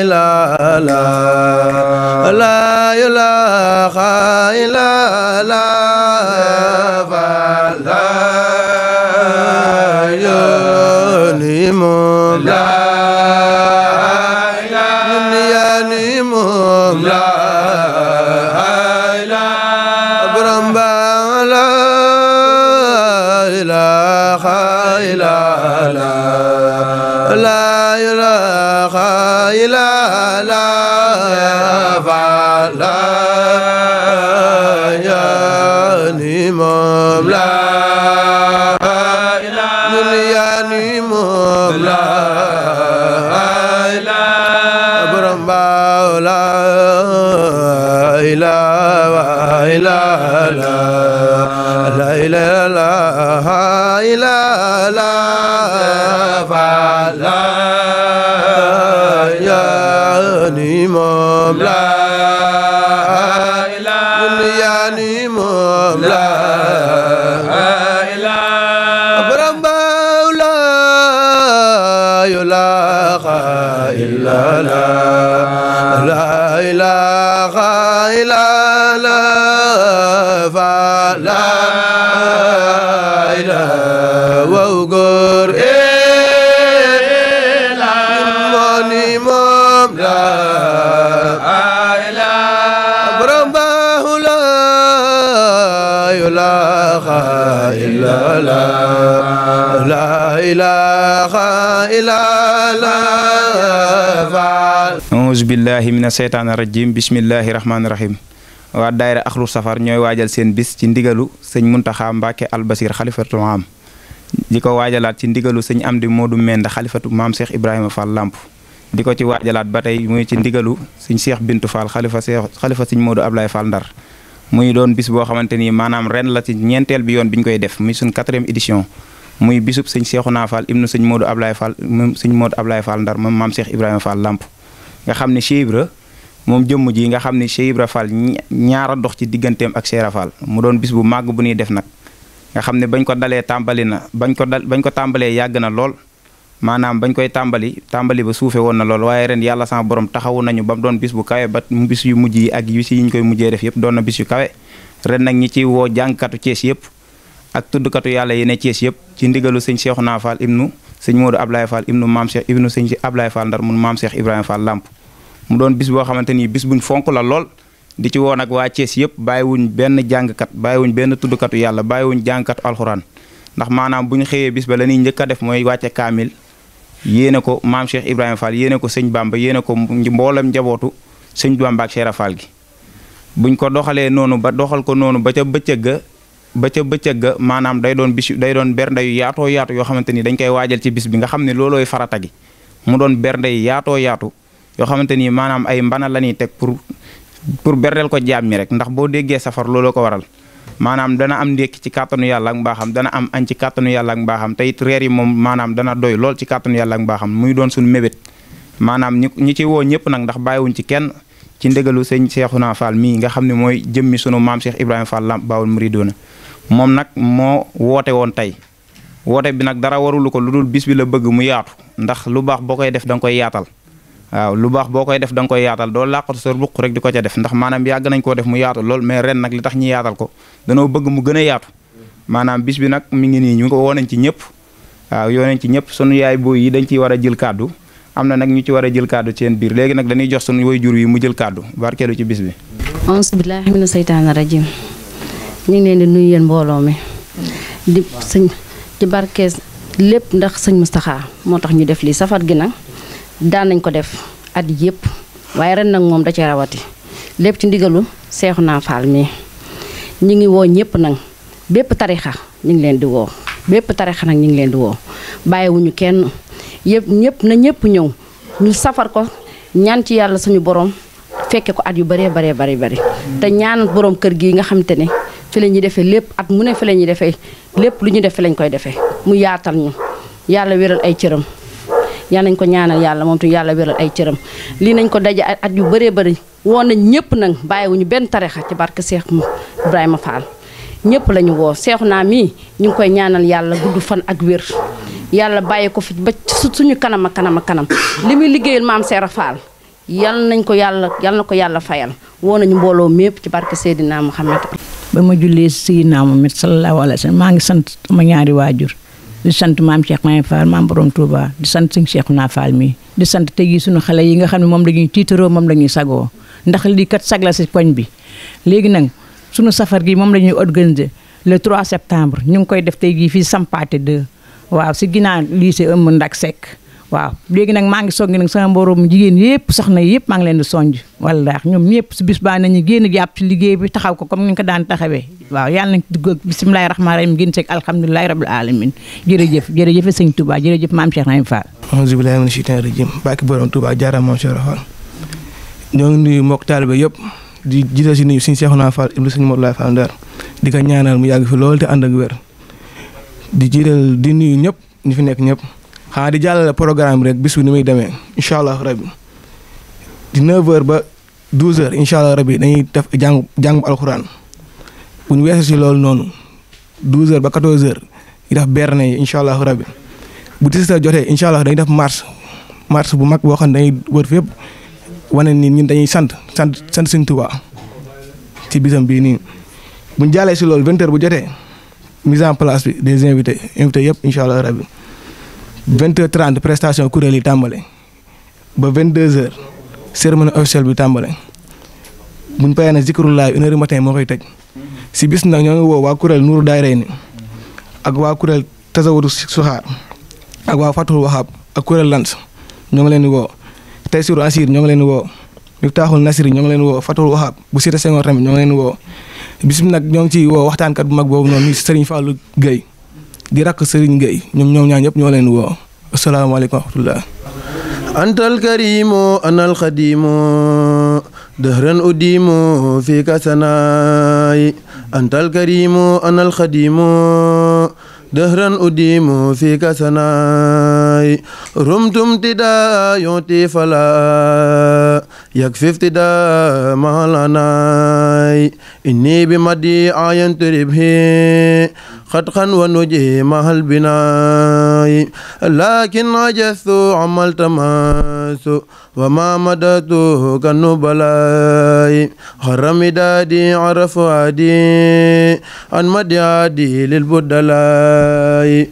إلا لا لا إله إلا لا فلا ينيم لا ينيم لا لا اله الا الله لا اله الا الله لا اله لا الله لا اله لا الله لا اله الا الله yaani moom la ila yaani moom إلا لا لا إله إلا لا أعوذ بالله من الشيطان الرجيم بسم الله الرحمن الرحيم waa daayira axlu safar ñooy waajal seen bis ci ndigalu sëñ Muntaxa Mbàkke Albasir xalifatul am di ko waajalaat ci ndigalu sëñ Amdi Moodu Mend xalifatu maam Cheikh Ibrahima Fall Lamp di ko ci waajalaat ba tey muy ci ndigalu sëñ Cheikh Bintu Fall xalifa Cheikh xalifa sëñ Moodu Ablaye Fall Ndar muy doon bis boo xamante ni maanaam ren la ci ñeenteel bi yoon bi ñu koy def muy suñ quatrième édition muy bisub sëñ Cheikhouna naa ibnu sëñ na suñ Fall moom sëñ Modou Ablaye Fall Ndar moom maam Cheikh Ibrahima Fall làmp nga xam ne Cheikh Ibra moom jëmm ji nga xam ne Cheikh Ibra Fall ñaara dox ci digganteem ak Cheikh Ibra mu doon bis bu màgg bu ñuy def nag nga xam ne bañ ko dalee tàmbali na bañ ko dal bañ ko tàmbalee yàgg na lool manam bañ koy tambali tambali, ba suufe woon na lol. ren yalla sama borom taxawu nañu bam don doon bis bu bat mu bis yu mujjii ak yu ci yi ñu koy mujjé def yépp doon na bis yu kawé ren nak ñi ci woo jàngkatu ciess yépp ak tuddkatu yalla yi ne Cees yëpp ci ndigalu sëñ Cheikhouna Fall ibnu sëñ Modou Ablaye Fall ibnu mam Cheikh ibnu sëñ Ablaye Fall Ndar mun mam Cheikh ibrahim Fall Lamp mu doon bis bo xamanteni bis buñ fonk la lol di ci woo nag waa Cees yëpp bàyyiwuñ ben jàngkat bàyyiwuñ benn tuddkatu yàlla bàyyiwuñ jàngkatu alcorane ndax manam buñ xeyé bis ba la ñuy def moy wacce kamil yéene ko maam Cheikh Ibrahima Fall yéene ko sëñ Bamba yéene ko mboolem njabootu sëñ Bamba ak Cheikh gi buñ ko doxalee noonu ba doxal ko noonu ba ca bëccëg ga ba ca bëccëg maanaam day doon bis day doon bernde yu yaatoo yaatu yoo xamante ni dañ koy waajal ci bis bi nga xam ne loolooy farata mu doon bernde yaatoo yaatu yoo xamante ni maanaam ay mbana la ñuy teg pour pour berndeel ko jaam ñi rek ndax boo déggee safar looloo ko waral maanaam dana am ndékki ci kàttanu yàlla ak mbaaxam dana am añ ci kàttanu yàlla ak mbaaxam te it reer yi moom maanaam dana doy lool ci kàttanu yàlla ak mbaaxam muy doon suñu mébét maanaam ñi ñi ci woo ñëpp nag ndax bàyyiwuñ ci kenn ci ndégalu sëñ naa Fall mii nga xam ne mooy jëmmi sunu maam Cheikh Ibrahima Fall Lamp Baawul Muridoona moom nag moo woote woon tey woote bi nag dara warulu ko lu dul bis bi la bëgg mu yaatu ndax lu baax boo koy def danga koy yaatal waaw lu baax boo koy def da nga koy yaatal doo làqatu sa ruq rek di ko ca def ndax maanaam yàgg nañ koo def mu yaatu lool mais ren nag li tax ñu yaatal ko danoo bëgg mu gën a yaatu maanaam bis bi nag mi ngi nii ñu ko woo nañ ci ñëpp waaw yoo ci ñëpp sunu yaay booy yi dañ ciy war a jël kàddu am na nag ñu ci war a jël kàddu seen biir léegi nag dañuy jox sunu waajur yi mu jël kàddu barkeelu ci bis bi auzu billaahi mina seytaani rajim ñu ngi leen di nuyu yéen mbooloo mi di sëñ ci barkees lépp ndax sëñ Moustapha moo tax ñu def lii safar gi nag daan nañ ko def at yëpp waaye ren nag moom da ci rawati lépp ci ndigalu seexu naa faal mii ñu ngi woo ñëpp nag bépp tarixa ñu ngi leen di woo bépp tarixa nag ñu ngi leen di woo bàyyiwuñu kenn yëpp ñëpp na ñëpp ñëw ñu safar ko ñaan ci yàlla suñu borom fekke ko at yu baree baree bari bari te ñaan boroom kër gi nga xam te ne fi la ñuy defee lépp at mu ne fi la ñuy defee lépp lu ñu def fi lañ koy defee mu yaatal ñu yàlla wéral ay cëram yal nañ ko ñaanal yàlla moom tamit yàlla wéral ay cëram lii nañ ko daje at yu bëree bëri woon nañ ñëpp nag bàyyiwuñu benn tarixa ci barke Cheikh Ibrahima Fall ñëpp la ñu woo seexu naa mii ñu ngi koy ñaanal yàlla gudd fan ak wér yàlla bàyyi ko fi ba suñu kanam a kanam a kanam li muy liggéeyal maam a Fall yal nañ ko yàlla yal ko yàlla fayal woo nañu mbooloo mépp ci barke Seydina Muhammad ba ma jullee Seydina Muhammad sallallahu alayhi wa sallam maa ngi sant sama ñaari waajur di sant maam Cheikh Mahi Fall maam borom Touba di sant sëñ Cheikhouna faal mi di sant te gi suñu xale yi nga xam ne moom la ñuy tiitaroo moom la ñuy sagoo ndax lii kat sag la si koñ bi léegi nag suñu safar gi moom la ñuy organiser le 3 septembre ñu ngi koy def tey jii fii Sampaate 2 waaw si ginnaaw lycée ëmb Ndak Seck waaw léegi nag maa ngi soññ nag sama mborom jigéen yëpp na yëpp maa ngi leen di sonj wallaahi ñoom ñëpp si bis baa nañu génn jàpp bi taxaw ko comme ni ko daan taxawee waaw yàlla nañ dugg ak bisimilahi rahmaani rahim gën seeg alhamdulilahi alamin jërëjëf jërëjëf sëñ Touba jërëjëf maam Cheikh Rahim Fall ahousubilahi mina cheytaani rajim bàkki borom Touba jaaraam ñoo ngi nuyu mbokk taalibe yëpp di jiital si nuyu suñu Cheikhouna Fall ibnu suñu Modou Laye Fall Ndar di ko ñaanal mu yàgg fi loolu te ànd ak wér di jiital di nuyu ñëpp ñu fi nekk ñëpp xanaa di jàllale programme rek bis bi ni muy demee incha allah rabi di 9 ba 12h incha allah rabi dañuy def jàng jàngu alxuraan bu ñu weesoo si loolu noonu 12h ba 14h ñu def berne yi incha allah rabi bu tisita jotee incha allah dañuy def marche marche bu mag boo xam ne dañuy wër fépp wane ni ñun dañuy sant sant sant Sëñ Tuubaa ci bisam bii nii bu jaalee si loolu 20h bu jotee mise en place bi des invités invités yëpp incha allah rabi. vingt heures trente prestation kuréel yi tàmbale ba vingt deux heures cérémonie officielle bi tàmbale bu ñu paree nag zikrullah une heure matin moo koy tëj si bis nag ñoo ngi woo waa kuréel Nuuru ni ak waa kuréel Tasawudu Suxaar ak waa Fatul waxaab ak kuréel lant ñoo ngi leen di woo Taysiru Asir ñoo ngi leen di woo Miftaaxul Nasir ñoo ngi leen woo Fatul Wahab bu Cité Senghor tamit ñoo ngi leen woo bis nag ñoo ngi ci woo waxtaankat bu mag boobu noonu Serigne Fallou Gueye di rakk Serigne Gueye ñoom ñoom ñaar ñëpp woo asalaamaaleykum wa rahmatullah antal karimu anal fii ka sanaay antal karimu anal xadimu dëhran udimu fii ka rumtum tida yonti fala yak fifti da mahalanaay inni bi madi ayan turibhi xatxan wa nuji mahal binaayi lakin ajastu amal tamasu wa ma madatu kanu balaayi xarami daadi arafu adi an madi adi lil buddalaayi